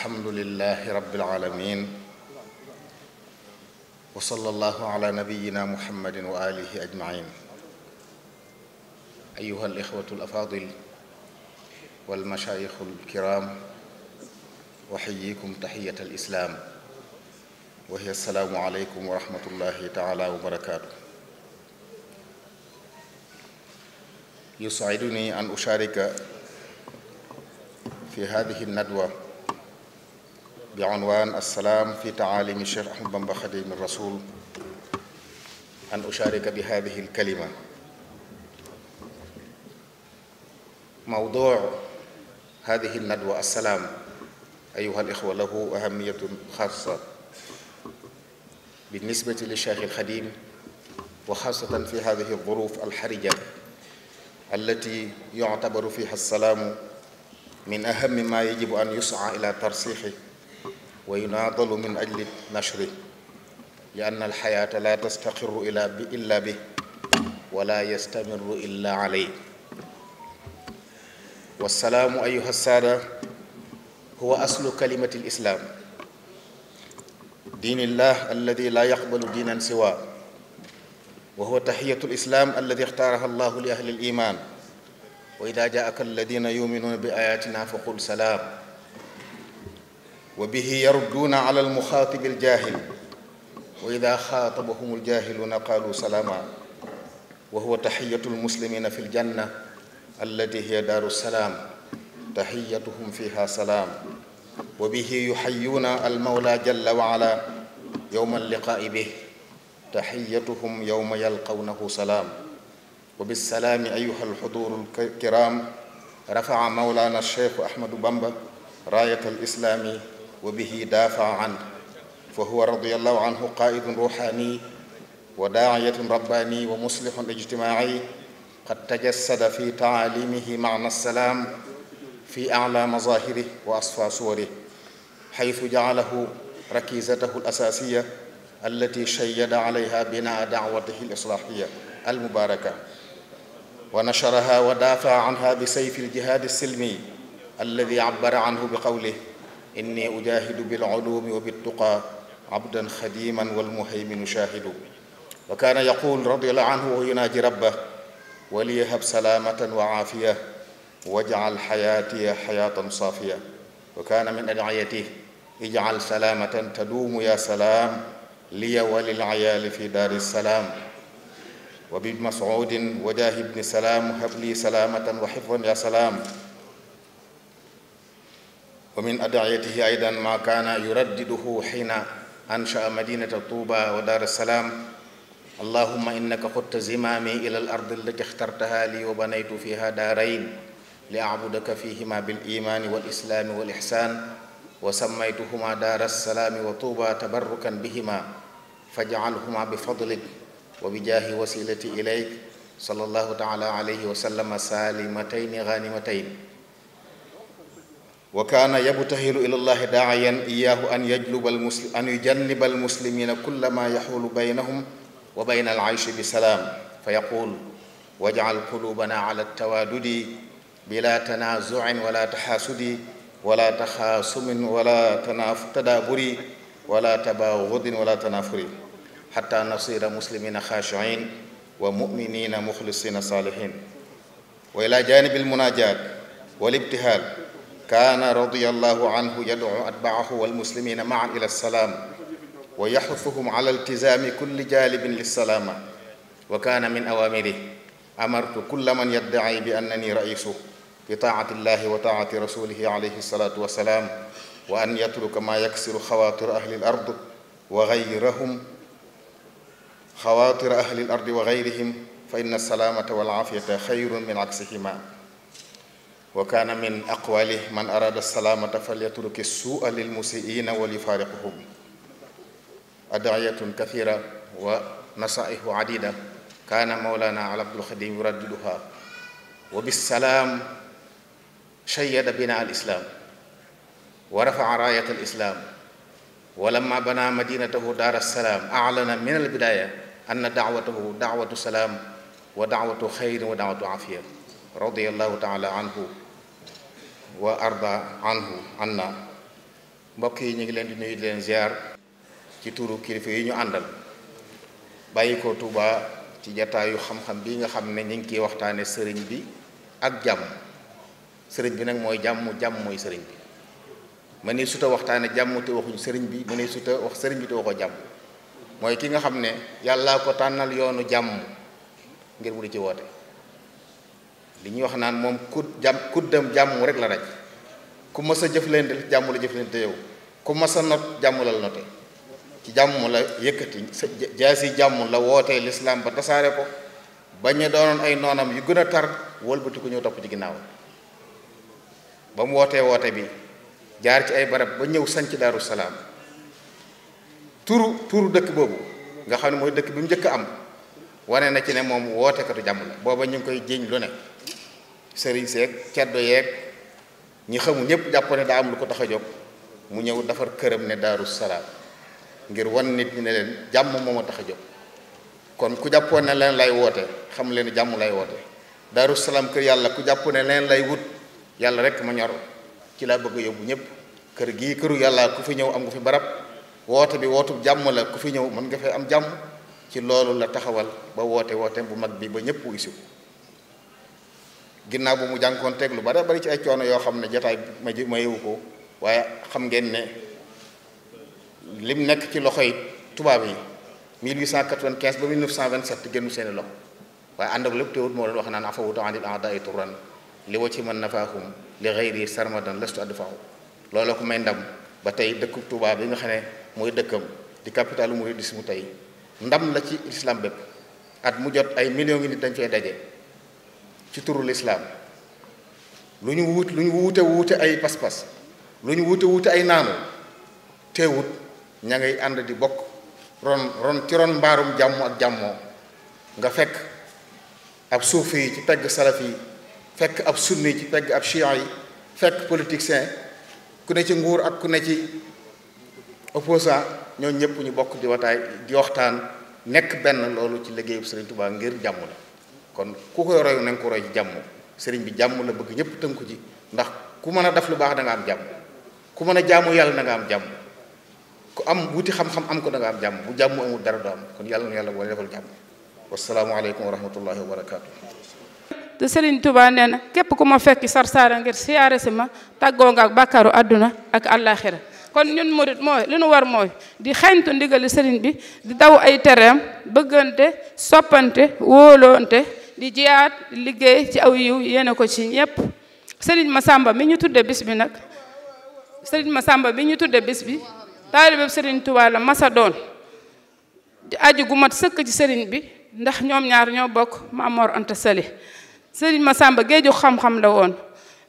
alhamdulilahi rabbil alamin wa sallallahu ala nabiyina muhammadin wa alihi ajmain ayuha al ixwatu al afadil wal mashaayixu al kiram uxayyikum taxiyat al islaam wa hiya assalaamu aleykum wa rahmatullahi taala wa barakaatu يسعدني أن أشارك في هذه الندوة bi unwaan assalaam fi taalimi Cheikh Ahmad Bamba Xaadimu Rasuul an usharika bi haadihi alkalima mawduu haadihi alnadwa assalaam ayuha alixwa lahu ahamiyatun xaasa بالنسبة للشيخ الخديم وخاصة في هذه الظروف الحرجة التي يعتبر فيها السلام من أهم ما يجب أن يسعى إلى ترسيخه wa yunaadalu min ajli nashri li anna alxayaata la tastaqiru ila bi illa bi wala yastamiru illa aley wassalaamu ayuha saada huwa aslu kalimati lislaam diin illah alladi la yaqbalu diinan siwa wa huwa taxiyatu lislaam alladi ixtaaraha allahu li ahli liman wa ida jaaka alladina yuminuuna bi ayatina fa qul salaam wa bihi yarudduuna ala almuxaatibi aljaahil wa ida xaatabahum aljaahiluuna qaalu salaama wa huwa taxiyatu almuslimina fi aljanna allati hiya daaru salaam taxiyatuhum fiha salaam wa bihi yuxayuuna almawla jalla wa ala yowma alliqaai bih taxiyatuhum yowma yalqawnahu salaam wa bisalaami ayuha alxuduuru alkiraam rafaa mawlaana alcheikhu ahmadu bamba raayat alislaami wa bihi daafaa an fa huwa radiyallahu anhu qaidun ruhani wa daaciyatun rabbani wa muslihun ijtimaaci qad tajassada fi tacalimihi macna salaam fi aclaa mazaahirih wa asfaa suwarih xaytu jacalahu rakiizatahu alasaasiya allati shayyada calayha binaa dacwatihi alislaaxiya almubaaraka wa nasharaha wa daafaa canha bisayfi aljihaadi alsilmi alladi cabara canhu biqawlih inni ujahidu bil ulumi wa bit tuqa abdan xadiman wal muhayminu shahidu wa kaana yaqul radiyallahu anhu wa yunaaji rabbah waliyahab salaamatan wa aafiya wajcal xayaatiya xayaatan saafiya wa kaana min adciyatih ijcal salaamatan taduumu ya salaam liya walil ayaali fi daari salaam wa bi mascuudin wajaahi bni salaam hab lii salaamatan wa xifdan ya salaam wa min adiyatihi aidan ma kaana yuraddiduhu xiina anshaa madinata tuuba wa daar assalaam allahuma innaka xutta zimaami ila al ard allati ixtartaha li wa banaytu fiha daarayn li acbudaka fihima bil imaani wal islaami wal ixsaan wa sammaytuhuma daara assalaami wa tuuba tabarrukan bihima fajcalhuma bifadlik wa bijaahi wasilati ilayk sallallahu taala alayhi wa sallama saalimatayni gaanimatayn wa kaana yabtahilu ila llahi daayan iyaahu an yajluba almuslim an yujanniba almuslimina kulla ma yaxulu baynahum wa bayna alayshi bi salaam fa yaquul wajcal quluubana ala altawaadudi bila tanaazucin wala taxaasudi wala taxaasumin wala tadaaburi wala tabaagudin wala tanaafuri xata nasira muslimina xaashicin wa muminina muxlisina saalihin wa ila janibi almunaajaat walibtihaal kaana radiyallahu anhu yad'u atbaahu walmuslimina maan ila salaam wa yaxusuhum ala iltisaami kulli jaalibin lissalaama wa kaana min awaamiri amartu kulla man yaddaci bi annani raisu bi taacati illahi wa taacati rasulihi alayhi salaatu wasalaam wa an yatruka maa yaksiru xawaatira ahli l ard wa gayrahum xawaatira ahli l ardi wa gayrihim fa inna salaamata wal aafiyata xayrun min aksihima wa kaana min aqwali man arada salaamata falyatruki suua lil musiina wal yufaariquhum adiyatun kathira wa nasaihu adida kaana mawlana ala abdul xadim yuraddiduha wa bisalaam shayyada bina al islaam wa rafaa raayat al islaam wa lamma bana madinatahu daara salaam alana min al bidaaya anna daawatahu daawatu salaam wa daawatu xayrin wa daawatu afiya radiyallahu taala anhu waa arda anhu anna mbokk yi ñu ngi leen di nuyu leen ziar ci tuuru kilifa yi ñu àndal bàyyi ko Touba ci jataayu xam-xam bi nga xam ne ñu ngi koy waxtaane sëriñ bi ak jàmm sëriñ bi nag mooy jàmm jàmm mooy sëriñ bi ma ne suta waxtaane jàmm te waxuñ sëriñ bi ma sëriñ bi te jàmm mooy ki nga xam ne yàllaa ko tànnal yoonu jàmm ngir mu di ci woote li ñuy wax naan moom ku jàmm kut dem jàmm rek la raj ku mës a jëflante jàmm la jëflante yow ku mës a not jàmm la note ci jàmm la yëkkati sa jaasi jàmm la wootee lislaam ba tasaare ko ba ñu doonoon ay noonam yu gën a tar wëlbati ko topp ci ginnaaw ba mu wootee woote bi jaar ci ay barab ba ñëw sanc daaru salaam turu turu dëkk boobu nga xam ne mooy dëkk bi mu njëkk am wane na ci ne moom wootekatu jàmm la booba ñu ngi koy jéñ lu ne sëriñ seeg ceddo yeeg ñi xamul ñëpp jàpp ne daa am lu ko tax a jóg mu ñëw defar këram ne daaru salaam ngir wan nit ñi ne leen jàmm moo ma tax a jóg kon ku jàppoon ne leen lay woote xam leen jàmm lay woote daaru salaam kër yàlla ku jàpp ne leen lay wut yàlla rek ma ñor ci laa bëgg yóbbu ñëpp kër gii këru yàlla ku fi ñëw am nga fi barab woote bi wootub jàmm la ku fi ñëw mën nga fee am jàmm ci loolu la taxawal ba woote woote bu mag bi ba ñëpp si ginnaaw bu mu jànkoonteeg lu bare bari ci ay coono yoo xam ne jataay ma ma yewu ko waaye xam ngeen ne lim nekk ci loxo yi tubaab yi 1895 ba 1927 génnu seeni loxo waaye ànd ak lépp teewut moo doon wax naan afawutu anil aada ay turan li wa ci mën nafaahum li xëyri sarmadan lestu adfahu loolu ko may ndam ba tey dëkku Tuubaa yi nga xam ne mooy dëkkam di capitalu muridisme tey ndam la ci islam bépp at mu jot ay millions ngi nit dañ fay daje ci turu lislaam lu ñu wut lu ñu wuute wuute ay pas-pas lu ñu wuute wuute ay naanu teewut ña ngay ànd di bokk ron ron ci ron mbaarum jàmm ak jàmmoo nga fekk ab suufi yi ci pegg salaf fekk ab sunni ci pegg ab chian yi fekk politicien ku ne ci nguur ak ku ne ci opposant ñoo ñëpp ñu bokk di wataay di waxtaan nekk benn loolu ci liggéeyub Sëriñ Tuubaa ngir jàmm la kon ku koy roy na nga ko roy jàmm sëriñ bi jàmm la bëgg ñëpp tënku ci ndax ku mën a def lu baax da nga am jàmm ku mën a jàmm yàlla da am jàmm ku am wuti xam-xam am ko da nga am jàmm bu jàmm amul dara du kon yàlla na yàlla boole defal jàmm wasalaamualeykum wa rahmatullahi wa barakaatu. te Serigne na képp ku ma fekki sarsaara ngir siyaare si ma tàggoo nga ak bàkkaaru àdduna ak àllaaxira kon ñun murit mooy li nu war mooy di xeñtu ndigali sëriñ bi di daw ay tereem bëggante soppante wóoloonte di jiyaat liggéey ci aw yiw yéene ko ci ñëpp sëriñ ma sàmba mi ñu tudde bis bi nag sëriñ ma sàmba mi ñu tudde bis bi taalibe sëriñ Tuubaa la masa doon aju gu mat sëkk ci sëriñ bi ndax ñoom ñaar ñoo bokk Maam Mor Anta Sali sëriñ Masamba géeju xam-xam la woon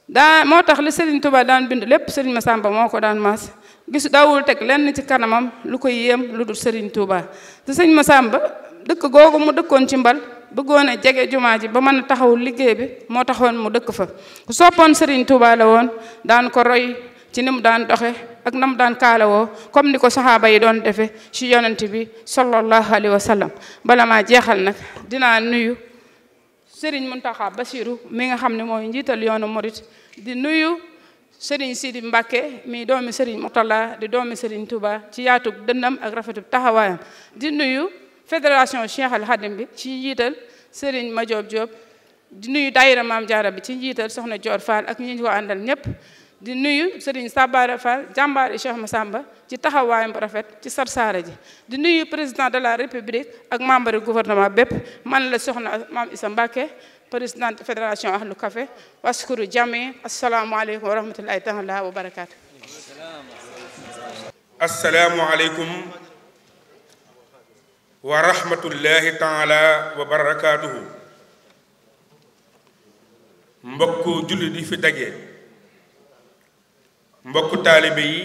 daa moo tax li sëriñ Tuubaa daan bind lépp sëriñ ma sàmba moo ko daan maas gis dawul teg lenn ci kanamam lu ko yéem lu dul sëriñ Tuubaa te sëriñ Masamba dëkk googu mu dëkkoon ci mbal bëggoon a jege jumaa ji ba mën a liggéey bi moo taxoon mu dëkk fa ku soppoon Serigne Touba la woon daan ko roy ci ni mu daan doxe ak na mu daan kaalawoo comme ni ko saxaaba yi doon defe ci yonent bi sallallahu alayhi wa sallam bala maa jeexal nag dinaa nuyu Serigne Mountakha Bassirou mi nga xam ne mooy njiital yoonu Mouride di nuyu Serigne Sidi Mbacke mi doomi Serigne Moutalla di doomi Serigne Touba ci yaatug dënnam ak rafetub taxawaayam di nuyu fédération Cheikh Al Khadim bi ci njiital Serigne Madiop di nuyu daayira Maam Jaara bi ci njiital soxna joor Fall ak ñi ñu ko andal ñëpp di nuyu Serigne Sabara Fall jàmbaari Cheikh Massamba ci taxawaayam rafet ci sarsaara ji di nuyu président de la république ak membre du gouvernement bépp man la soxna Maam Issa Mbacké présidente fédération Ahlu Café waskuru jami asalaamualeykum wa rahmatullahi taala wa barakaatu asalaamualeykum wa rahmatullahi taala wa barakaatuhu mbokk jullit yi fi daje mbokku taalibe yi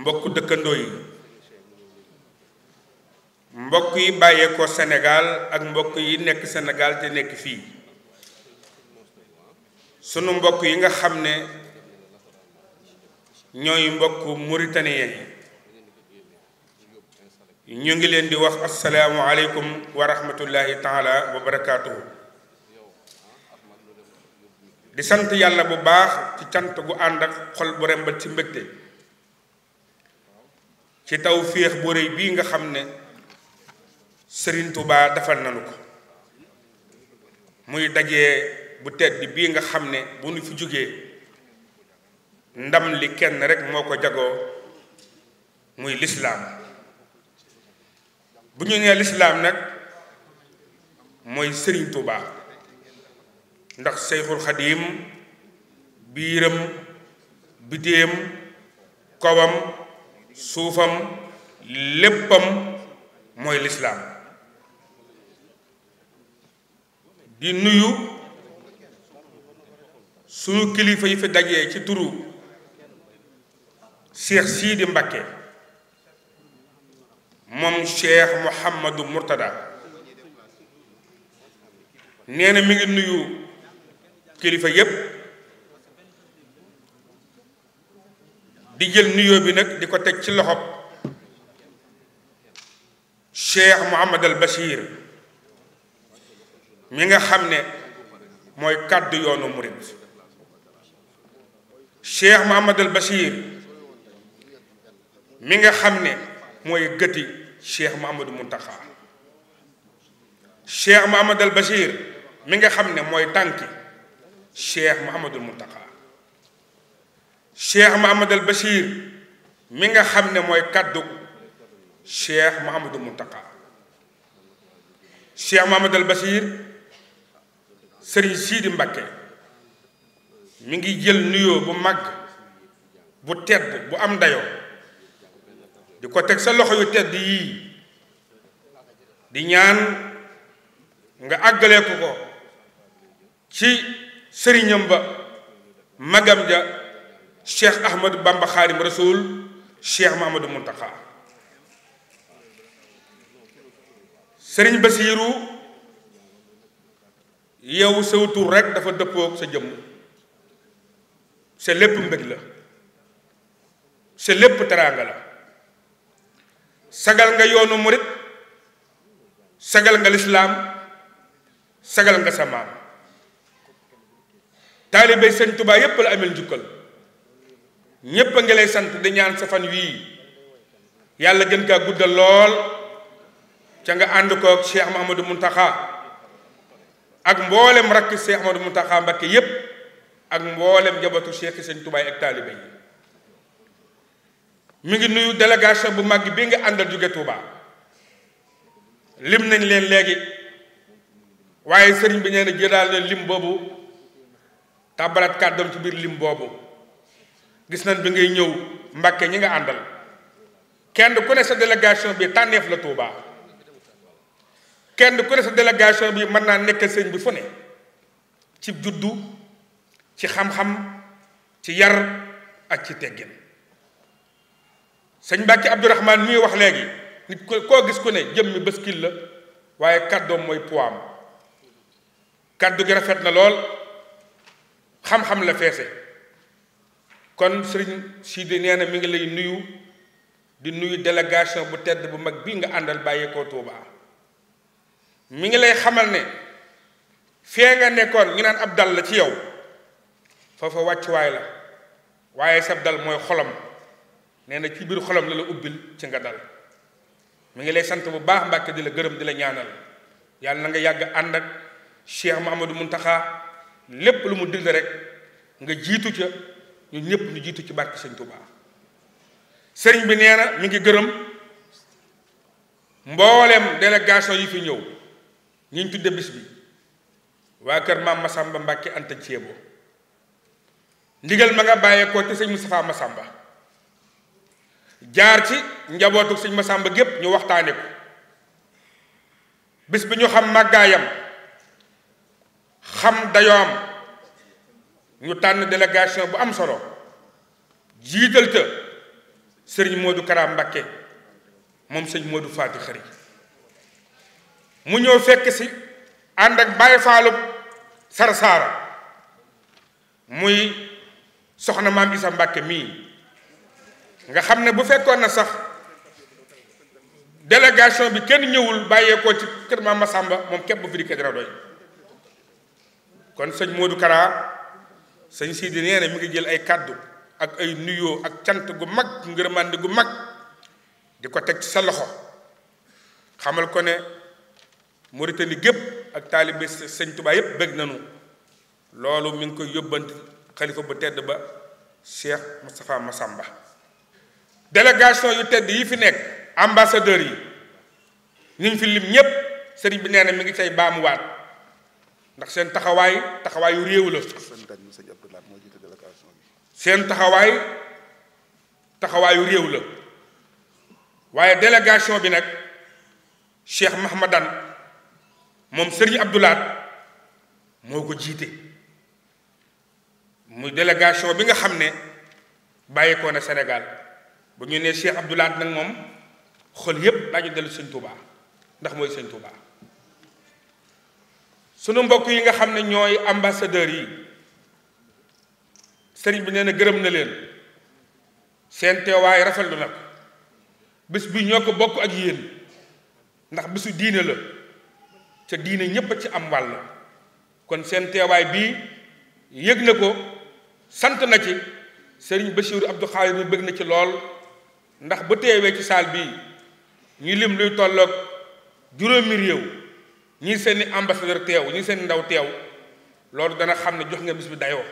mbokku dëkkandoo yi mbokk yi bàyyeekoo Sénégal ak mbokk yi nekk Sénégal te nekk fii sunu mbokk yi nga xam ne ñooy mbokk mauritanien yi ñu ngi leen di wax asalaamu aleykum wa rahmatullahi taala wa barakaatuhu di sant yàlla bu baax ci cant gu ànd ak xol bu rembat ci mbégte ci taw féex bu rëy bii nga xam ne Sëriñ Tuubaa defal nanu ko muy dajee bu tedd bii nga xam ne bu nu fi jógee ndam li kenn rekk moo ko jagoo muy lislaam bu ñu nee lislaam nag mooy sëriñ Tuubaa ndax seyxul xadiim biiram bitéem kowam suufam léppam mooy lislaam di nuyu suñu kilifa yi fi dajee ci turu Seex Siidi Mbakke moom Cheikh Mouhamadou Mourtada nee na mi ngi nuyu kilifa yépp di jël nuyoo bi nag di ko teg ci loxo Cheikh Mouhamad al Bachir mi nga xam ne mooy kàddu yoonu murit Cheikh Mouhamad al Bachir nga xam ne mooy gëti Cheikh Mahamadou Mountakha Cheikh Mahamadou al Bachir mi nga xam ne mooy tànki Cheikh Mahamadou Mountakha Cheikh Mahamadou al Bachir mi nga xam ne mooy kàddu Cheikh Mahamadou Mountakha Cheikh Mahamadou al Bachir Serigne Sidi Mbacké mi ngi jël nuyoo bu mag bu tedd bu am dayo di ko teg sa loxo yu tedd yii di ñaan nga àggalee ko ko ci sëriñam ba magam ja cheikh ahmadou bamba xaadim rasoul cheikh mahamadou muntaxa sëriñ basiiru yow sa tur rek dafa dëppook sa jëmm sa lépp mbég la sa lépp teraanga la sagal nga yoonu murit sagal nga lislaam sagal nga sa maam taalibey sëñ Tuubaa yépp la amel njukkal ñépp a ngi sant di ñaan sa fan wii yàlla gën kaa guddal lool ca nga ànd koog Cheikh Mahamadou Muntaxa ak mboolem rakk Cheikh Mahamadou Muntaxa Mbakke yépp ak mboolem jabatu Cheikh sëñ tubaay ak taalibe yi mu ngi nuyu délégation bu mag bi nga àndal jóge Touba lim nañ leen léegi waaye sëriñ bi nee na jëlaal na lim boobu tàbbalaat kàddoom ci biir lim boobu gis nañ bi ngay ñëw Mbàkke ñi nga àndal kenn ku ne sa délégation bi tànneef la Touba kenn ku ne sa délégation bi mën naa nekk sëriñ bi fu ne ci juddu ci xam-xam ci yar ak ci teggin sëñ Mbàkke Abdourahman mi wax léegi nit ko koo gis ku ne jëm mi la waaye kàddoom mooy poids kàddu gi rafet na lool xam-xam la feese kon sëriñ Sidi nee na mi ngi lay nuyu di nuyu délégation bu tedd bu mag bi nga àndal bàyyi koo Touba mi ngi lay xamal ne fee nga nekkoon ñu naan ab dal la ci yow foofa wàccuwaay la waaye sab dal mooy xolam nee na ci biir xolam la la ubbil ci nga dal mu ngi lay sant bu baax Mbàkke di la gërëm di la ñaanal yàlla na nga yàgg ànd ak Cheikh Mouhamadou Mountakha lépp lu mu digle rek nga jiitu ca ñun ñëpp ñu jiitu ci barke Sëñ Touba sëriñ bi nee mu ngi gërëm mboolem délégation yi fi ñëw ñi ñu tudde bis bi waa kër maam Masamba Mbàkke Anta Ceebo ndigal ma nga bàyyeekoo ci sëñ Moustapha Masamba jaar ci njabootu sëñ Masamba gépp ñu waxtaane ko bis bi ñu xam màggaayam xam dayoom ñu tànn délégation bu am solo jiital ca sëriñ Modou Kara Mbacké moom sëñ Modou Faty Khary mu ñëw fekk si ànd ak Baye Fallou Sarasara muy soxna maam Isa Mbacké mii nga xam ne bu fekkoon na sax délégation bi kenn ñëwul bàyyeekoo ci kër ma Masamba moom kepp bu fi dikkee dara doy kon sëñ Modou Kara sëñ Sidi nee na mi ngi jël ay kàddu ak ay nuyoo ak cant gu mag ngërmande gu mag di ko teg ci sa loxo xamal ko ne Mauritanie gépp ak taalibe sëñ Touba yépp bëgg nañu loolu mu ngi koy yóbbanti xalifa bu tedd ba Cheikh ma sàmba délégation yu tedd yi fi nekk ambassadeurs yi ñu fi lim ñépp sëriñ bi nee na mi ngi say baamuwaat ndax seen taxawaay taxawaayu réew la seen taxawaay taxawaayu réew la waaye délégation bi nag Cheikh Mahmadan moom sëriñ Abdoulaat moo ko jiite muy délégation bi nga xam ne bàyyeekoo na Sénégal bu ñu nee Cheikh Abdou Lahad nag moom xol yépp daañu dellu sëñ Touba ndax mooy sëñ Touba sunu mbokk yi nga xam ne ñooy ambassadeurs yi sëriñ bi nee na gërëm na leen seen teewaay rafetlu na ko bis bi ñoo ko bokk ak yéen ndax bisu diine la ca diine ñépp a ci am wàll kon seen teewaay bii yëg na ko sant na ci sëriñ Bachir Abdou Khadir bëgg na ci lool ndax bu teewee ci saal bi ñu lim luy tolloog juróomi réew ñi seeni ambassadeur teew ñi seen ndaw teew loolu dana xam ne jox nga bis bi dayoo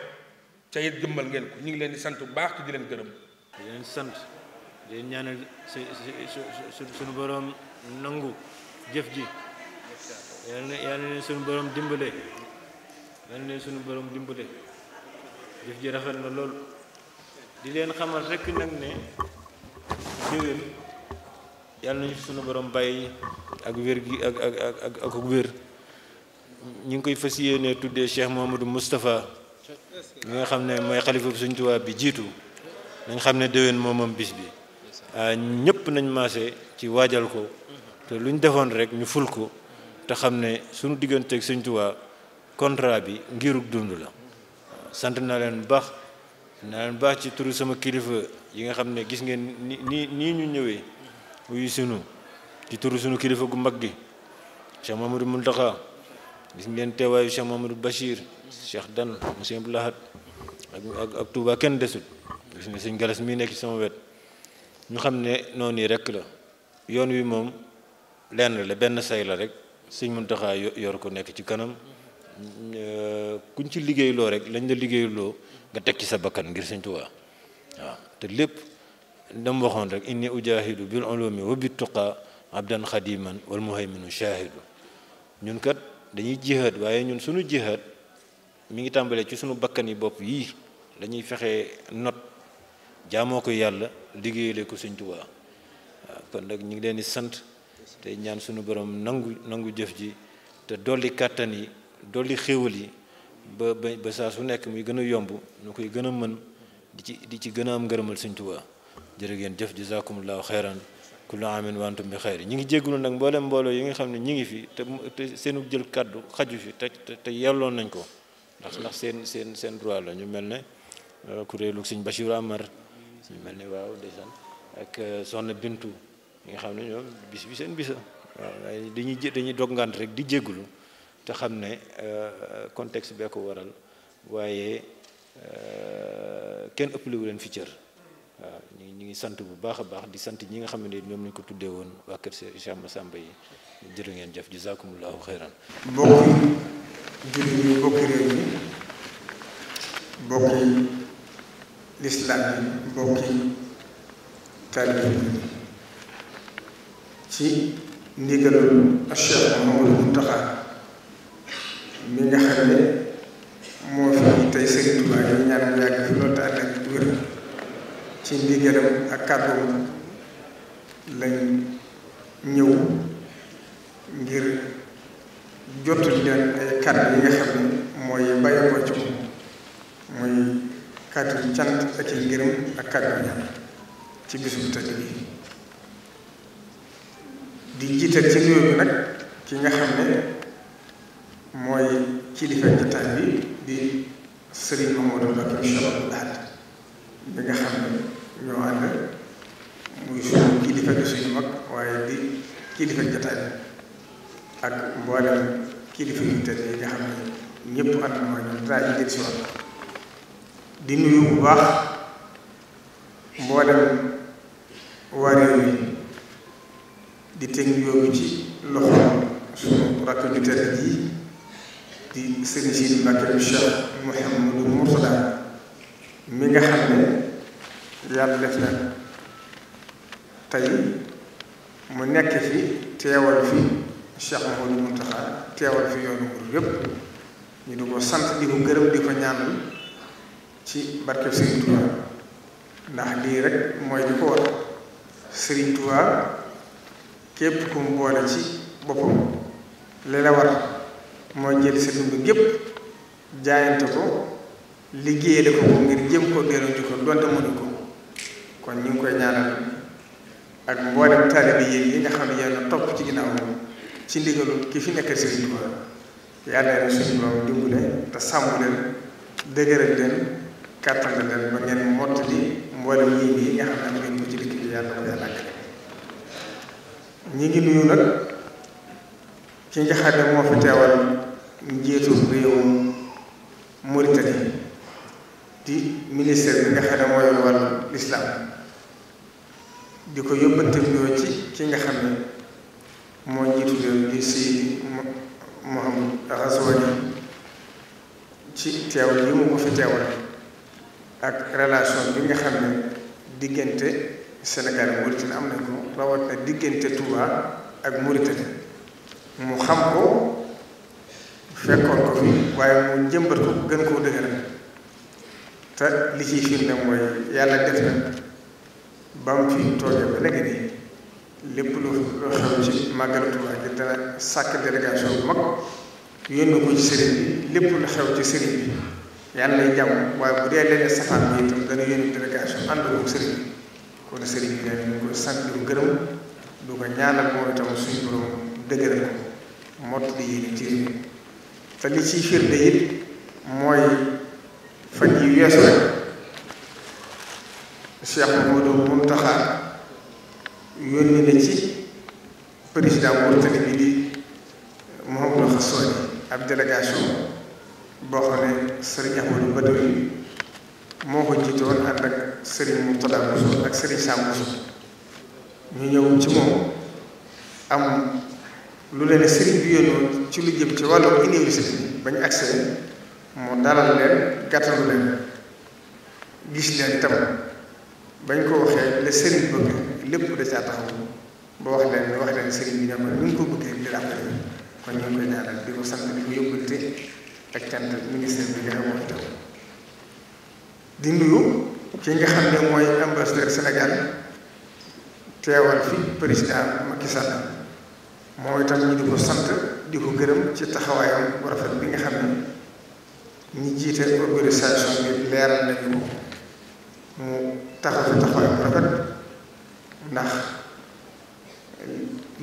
ca it jëmmal ngeen ko ñu ngi leen di sant bu baax te di leen gërëm. di leen sant di leen ñaanal su su suñu borom nangu jëf ji yal na yal na leen suñu borom dimbale yal na leen suñu jëf ji rafet na lool di leen xamal rekk nag ne. déwén yàlla nañu sunu borom bàyyi ak wér gi ak ak ak ak wér ñu ngi koy fas yéene tuddee Cheikh Mouhamadou Moustapha mi nga xam ne mooy xalifa bi suñ tubaab bi jiitu dañ xam ne déwén moomam bis bi ah, ñëpp nañ maase ci waajal ko te lu ñu defoon rek ñu ful ko te xam ne suñu digganteeg suñ tubaab contrat bi ngiruk dund la ah, sant naa leen baax naa leen baax ci turu sama kilifa yi nga xam ne gis ngeen ni nii nii ñu ñëwee wuyu sunu ci turu sunu kilifa gu mag gi Cheikh Mamadou Muntaxa gis ngeen teewaayu Cheikh Mamadou Bachir Cheikh Dan monsieur Blahat ak ak ak Touba kenn desut gis sëñ Galas mii nekk ci sama wet ñu xam ne noonu yi rek la yoon wi moom lenn la benn say la rek sëñ Muntaxa yor ko nekk ci kanam kuñ ci liggéeyloo rek lañ la liggéeyloo nga teg ci sa bakkan ngir sëñ Touba waaw te lépp dama waxoon rek inni ujahidu bil ulumi wa bit tuqa abdan xadiman wal muhayminu shahidu ñun kat dañuy jihaad waaye ñun suñu jihaad mi ngi tàmbalee ci suñu bakkan yi bopp yii dañuy fexe not jaamoo ko yàlla liggéeyale ko Sëñ Tuubaa waaw kon nag ñu ngi leen di sant te ñaan suñu borom nangu nangu jëf ji te dolli kàttan yi dolli xéewal yi ba ba ba saa su nekk muy gën a yomb ñu koy gën a mën di ci di ci gën a am ngërëmal Sëñ Tuubaa jërë ngeen jëf jazakumullahu xeyran kullu amin wa antum bi xeyr ñi ngi jéggulu nag mboolem mbooloo yi nga xam ne ñi ngi fi te seenu jël kàddu xaju fi te te yelloon nañ ko ndax ndax seen seen seen la ñu mel ne euh, kuréelu Sëñ Bachir Amar ñu mel ne waaw ndeysaan ak euh, soxna Bintu ñi nga xam ne ñoom bis bi seen bisa waaw dañuy dañuy dog ngant rek di jéggulu te xam ne euh, contexte bee ko waral waaye kenn ëppalewu leen fi cër waaw ñu ñu ngi sant bu baax a baax di sant ñi nga xam ne ñoom lañ ko tuddee woon waa kër Cheikh Massamba yi jërë ngeen jëf jazakumullahu xayran mbokki jullit yi mbokki réew mi mbokki lislaam yi mbokki taalib yi ci ndigalul Cheikh Mamadou Mountakha mi nga xam ne liggéey Serigne Touba ñu ñaan mu yàgg fi loolu te ak wér ci ndigalam ak kàddoom lañ ñëw ngir jotul leen ay kàddu yi nga xam ne mooy bàyyi ko ci moom muy cant ak i ngërëm ak kàddu ñaan ci bisu tëdd bi di jiital ci nuyoo bi nag ki nga xam ne mooy kilifa jotaay bi di Serigne Mamadou Mbacke Cheikh Ahad bi nga xam ne ñoo ànd muy suñu kilifa di suñu mag waaye di kilifa jataay ak mboolem kilifa yu tëdd yi nga xam ne ñëpp ànd mooy ñoom taa yi di nuyu bu baax mboolem waa réew di teg yooyu ci loxo suñu rakk ñu yi di sëriñ si di Mbàkke Cheikh Mouhamadou Mourtada mi nga xam ne yàlla def na tey mu nekk fi teewal fi Cheikh Mouhamadou Mountakha teewal fi yoonu murid yépp ñu du ko sant di ko gërëm di ko ñaanal ci barkeb Sëriñ Touba ndax lii rek mooy di ko war Sëriñ Touba képp ku mu boole ci boppam li la war moo jël sa dund gépp jaayante ko liggéeyale ko ko ngir jëm ko delloo ji ko donte mënu ko kon ñu ngi koy ñaanal ak mboolem taalibe yi yéen nga xam ne yéen topp ci ginnaaw moom ci ndigalu ki fi nekk Sëriñ Tuubaa yàlla na suñu borom dimbale te sàmm leen leen kàttan leen ba ngeen mottali mboolem yi yi nga xam ne am ngeen ko ci liggéey yàlla ko yàlla ak ñi ngi nuyu nag ki nga ne moo fi teewal njiitu réewum Mauritanie di ministère bi nga xam ne mooy wàllu lislaam di ko yóbbante nuyoo ci ki nga xam ne moo njiitu réew di Seydi Mouhamed Ghazouani ci teew yi mu ko fi teewal ak relation bi nga xam ne diggante Sénégal ak am na ko rawat na diggante Touba ak Mauritanie mu xam ko fekkoon ko fi waaye mu jëmbat ko gën koo dëgëral te li ciy firnde mooy yàlla def na ba mu fi toogee ba léegi nii lépp lu loo xam ci màggalu Tuubaa gi dana sàkk délégation bu mag yónni ko ci sëriñ bi lépp lu xew ci sëriñ bi yàlla lay jàmm waaye bu dee leneen safaan bi itam dana yónni délégation ànd ko sëriñ bi kon sëriñ bi daal ñu ko sant di ko gërëm du ko ñaanal moom itam suñu borom dëgëral ko mott di yéene ci te li ciy firnde it mooy fan yi weesu rek Cheikh Mamadou Mountakha yónni na ci président Mauritanie bi di Mouhamadou Khassouni ab délégation boo xam ne Serigne Ahmadou Badawi moo ko jiite woon ànd ak Serigne Mourtada ak Serigne Sam Bousso ñu ñëw ci moom am. lu leen sëriñ bi yónnoon ci lu jëm ci wàllu université ba ñu accès mu dalal leen gàttal leen gis leen tam bañ ko waxee la sëriñ bëgg lépp da caa taxaw ba wax leen wax leen sëriñ bi ne ñu ngi ko bëggee di ràppale kon ñu koy ñaanal di ko sant di ko yóbbante ak cant ministère bi nga xam mooy tam di nuyu ki nga xam ne mooy ambassadeur Sénégal teewal fi président Macky Sall mooy itam ñu di ko sant di ko gërëm ci taxawaayam bu rafet bi nga xam ne ñi jiite organisation bi leeral nañu ko mu taxaw taxawaayam rafet ndax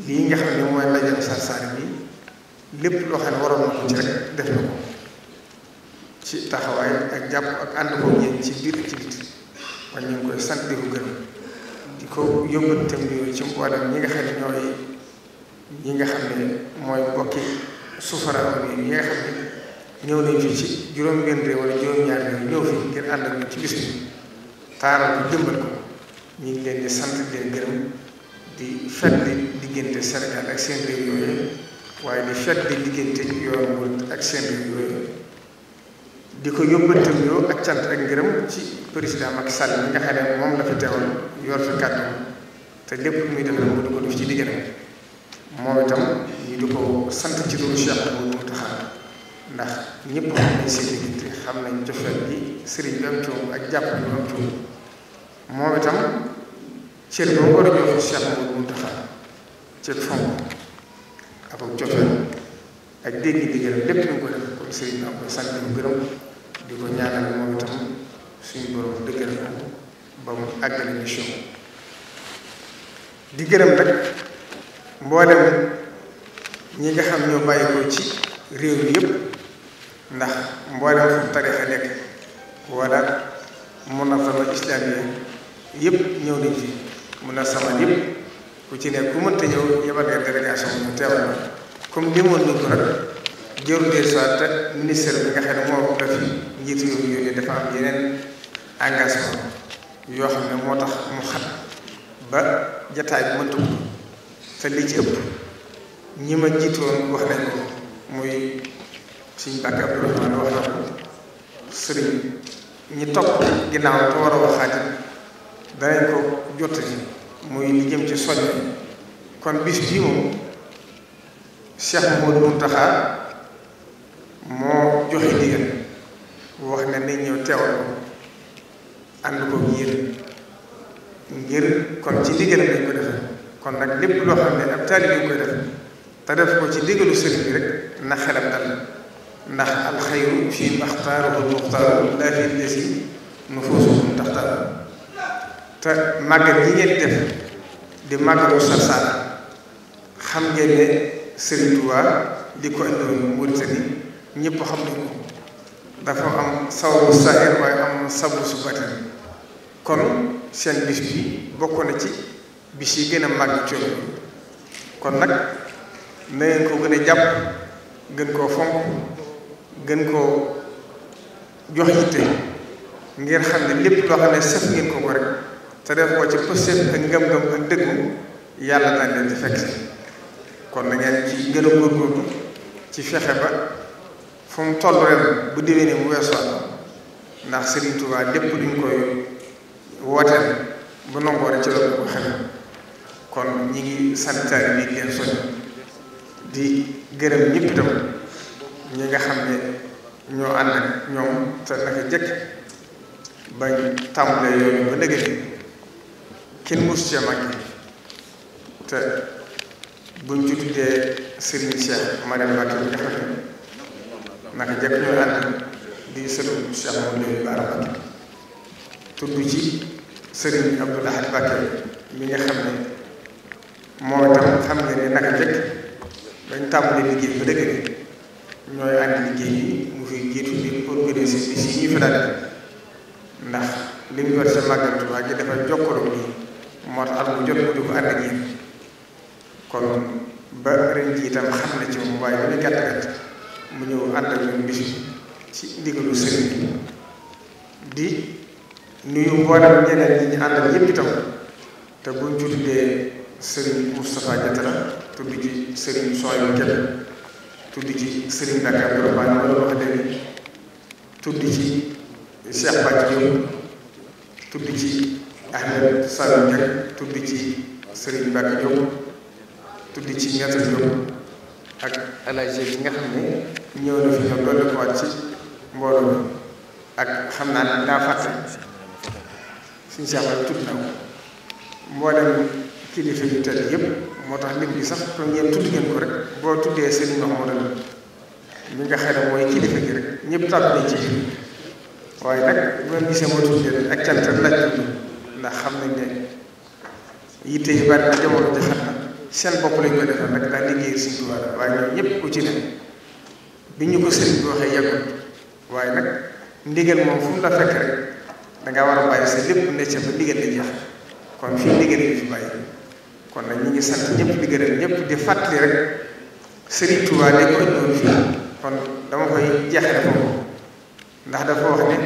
lii nga xam ne mooy lajal Sarsara bi lépp loo xam ne waroon na ko ci def na ko ci taxawaay ak jàpp ak ànd ko ngeen ci biir ci biti ñu ngi koy sant di ko gërëm di ko yóbbu itam ci mboolem ñi nga xam ne ñooy. yi nga xam ne mooy mbokki sufara yi nga xam ne ñëw nañ fi ci juróom-benn réew ñaar réew ñëw fi ngir ànd ak ñun ci bis bi taaral ko jëmbal ko ñu ngi leen di sant di gërëm di fedd diggante Sénégal ak seen réew yooyu waaye di fedd diggante yoon Mouride ak seen réew yooyu di ko yóbbantam yoo ak cant ak ci président Macky Sall mi nga xam ne moom la fi teewal yor fi kàddu te lépp muy def na mu di ko def ci diggante moom itam ñu di ko sant ci loolu Cheikh Abdou Mountakha ndax ñëpp xam nañ seen diggante xam nañ cofeel bi sëriñ bi ak jàpp bi am coow moom itam cër ba war jox lépp ñu ko def moom itam suñu borom dëggal ko ba mu àggale mission di gërëm rek. mboolem ñi nga xam ñoo bàyyi ko ci réew mi yëpp ndax mboolem fu tarixa nekk wala munasama islamiya yëpp ñëw nañ fi munasama yëpp ku ci nekk ku mënta ñëw yebal nga mu teewal comme demoon nañ ko rek jëru des soit ministère bi nga xam ne moo ko def njiitu yow yooyu dafa am yeneen engagement yoo xam ne moo tax mu xat ba jataay bi mënta ko te li ci ëpp ñi ma jiitoon wax nañ ko muy suñ bàkk Abdourahmane wax na ko sëriñ ñi topp ginnaaw te a waxaat danañ ko jottali muy li ci soññ kon bis bii moom Cheikh Modou Mountakha moo joxe digal wax na ni ñëw teewal ko ànd ko yéen ngir kon ci digal lañ ko def kon nag lépp loo xam ne ab taalibe bi koy def te def ko ci digalu sëriñ bi rek na xelam dal ndax alxayru fii maxtaaruhu muxtaaru laa fi lesi nufuusuhum def di màggalu Sarsara xam ngeen ne Sëriñ Tuubaa li ko andoon Mauritanie ñëpp xam nañ ko dafa am sababu saahir waaye am sababu su baatin kon seen bis bi bokk na ci bis yi gën a màgg ci kon nag na ngeen ko gën a jàpp gën koo fonk gën koo jox ngir xam ne lépp loo xam ne saf ngeen ko rek te def ko ci pëstéef ak ngëm-ngëm ak dëggu yàlla daan leen di fekk kon na ngeen ci gën a góorgóorlu ci fexe ba fu mu toll ren bu déwénee mu weesoo ndax Serigne Touba lépp duñ koy wooteel bu nangoo rek ci loolu ko xel kon ñi ngi sant bi di leen soññ di gërëm ñëpp itam ñi nga xam ne ñoo ànd ñoom te naka jëkk bañ tàmbalee yooyu ba léegi kenn mësu ci mag te buñ ci tuddee Serigne Cheikh Mariam Mbacke bi nga xam naka jëkk ñoo ànd di Serigne Cheikh moom lañuy baara Mbacke tudd ci Serigne Abdoul Ahad Mbacke mi nga xam ne mooy itam xam nga ne naka jëkk dañ tàmbali liggéey ba dëkk bi ñooy ànd liggéey mu fi jiitu si ñuy fi daal ndax li ñu war sa màggal Tuubaa gi dafa jokkaloo bi moo tax at mu jot mu ko ànd ak kon ba ren ji itam xam na ci moom waaye ba ñu gàtt gàtt mu ñëw ànd ak ñun bis ci ndigalu sëriñ bi di nuyu mboolem ñeneen ñi ñu àndal yépp itam te buñ ci tuddee sëriñ Moustapha Diatara tudd ci sëriñ Soxayu Diatara tudd ci sëriñ Dakar Abdourahmane wala wax dëgg tudd ci Cheikh Bàcc Diop tudd ci Ahmed Saloum Diak tudd ci sëriñ Mbacke Diop tudd ci nga xam ne ñëw na fi ñoom doon ak xam naa ne daa fàtte suñu Cheikh kilifa yu tëdd yépp moo tax lim bi sax kon ngeen tudd ngeen ko rek boo tuddee Serigne Mouhamadou mu nga xam mooy kilifa gi rek ñëpp tàbb nañ ci biir waaye nag bu ngeen gisee ak cant laaj xam nañ ne yitte yu bari na jamono ji ko la waaye ñoom ñëpp ku ci ne bi ñu ko Serigne bi waxee waaye nag ndigal moom fu mu la fekk rek da war a bàyyi sa lépp ne ca ba ndigal la jeex kon fii ndigal la fi bàyyi. kon nag ñu ngi sant ñëpp di gërëm ñëpp di fàttali rek Serigne Touba nekkoon ñëw fii kon dama koy jeexale foofu ndax dafa wax ne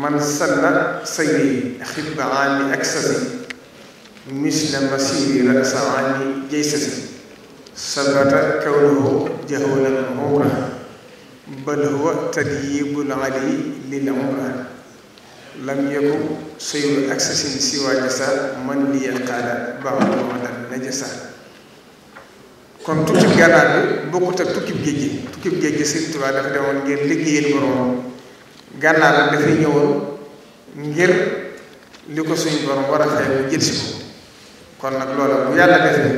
man sanna sayi xibba aami ak sasi misla masiri rasa aami jay sasi sabata kawluhu jahwalan umra bal huwa tadyibul ali lil umra lam yakun shay'un aksasin siwa jasa man liyal qaada baaxul ma dal na jasa kon tukki gànnaar bi bokkut ak tukki géej gi tukki géej gi Sëriñ Tuubaa dafa demoon ngir liggéeyal borom gànnaar bi dafay ñëwoon ngir li ko suñu borom war a fay mu jël si ko kon nag loolu bu yàlla defee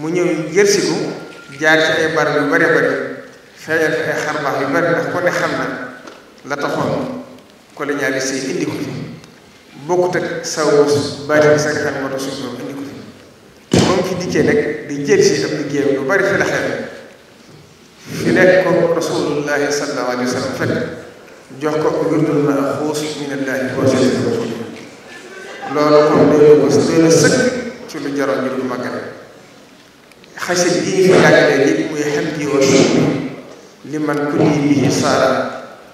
mu ñëw jël si jaar ci ay barab yu bare bare fayal ay xarbaax yu bare ndax ko ne xam na la taxoon colonialiste yi indi ko fi bokkut ak sawus bari sa nga xam ne moo tax indi ko fi moom fi dikkee nag di jël si am liggéeyam lu bari fi la xel fi nekk ko rasulullahi sallallahu alayhi wa sallam fekk jox ko ko loolu kon dañu ci lu jaroon yi ñu fi jàngalee léegi muy xam ji wa li man ku nii bii saara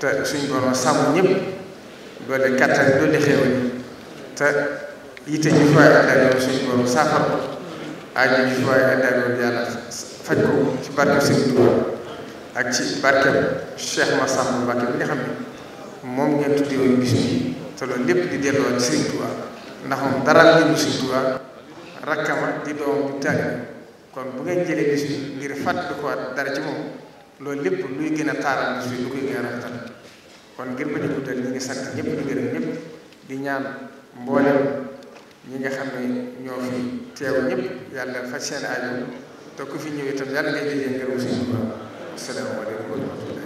te suñ borom sàmm ñëpp doole kattan doole xéewal te yitte ñu fi waaye àndal yoon suñ borom saafara ko aajo yàlla faj ko ci barkeb Sëriñ Tuubaa ak ci barkeb Cheikh Massamba Mbacké bi nga xam ne moom ngeen tuddee woon te loolu lépp di delloo ci Sëriñ ndax moom dara ngeen Sëriñ Tuubaa rakkama di doom bu tàgg kon bu ngeen jëlee bis bi ngir fàttali ko dara ci moom loolu lépp luy gën a taaral bis bi lu koy gën a kon ngir ba di guddal ñi ngi sant ñëpp di gërëm ñëpp di ñaan mboolem ñi nga xam ni ñoo fi teew ñëpp yàlla faj seen aajo te ku fi ñëwee itam yàlla ngay jëlee ngërëm suñu borom asalaamaaleykum wa rahmatulah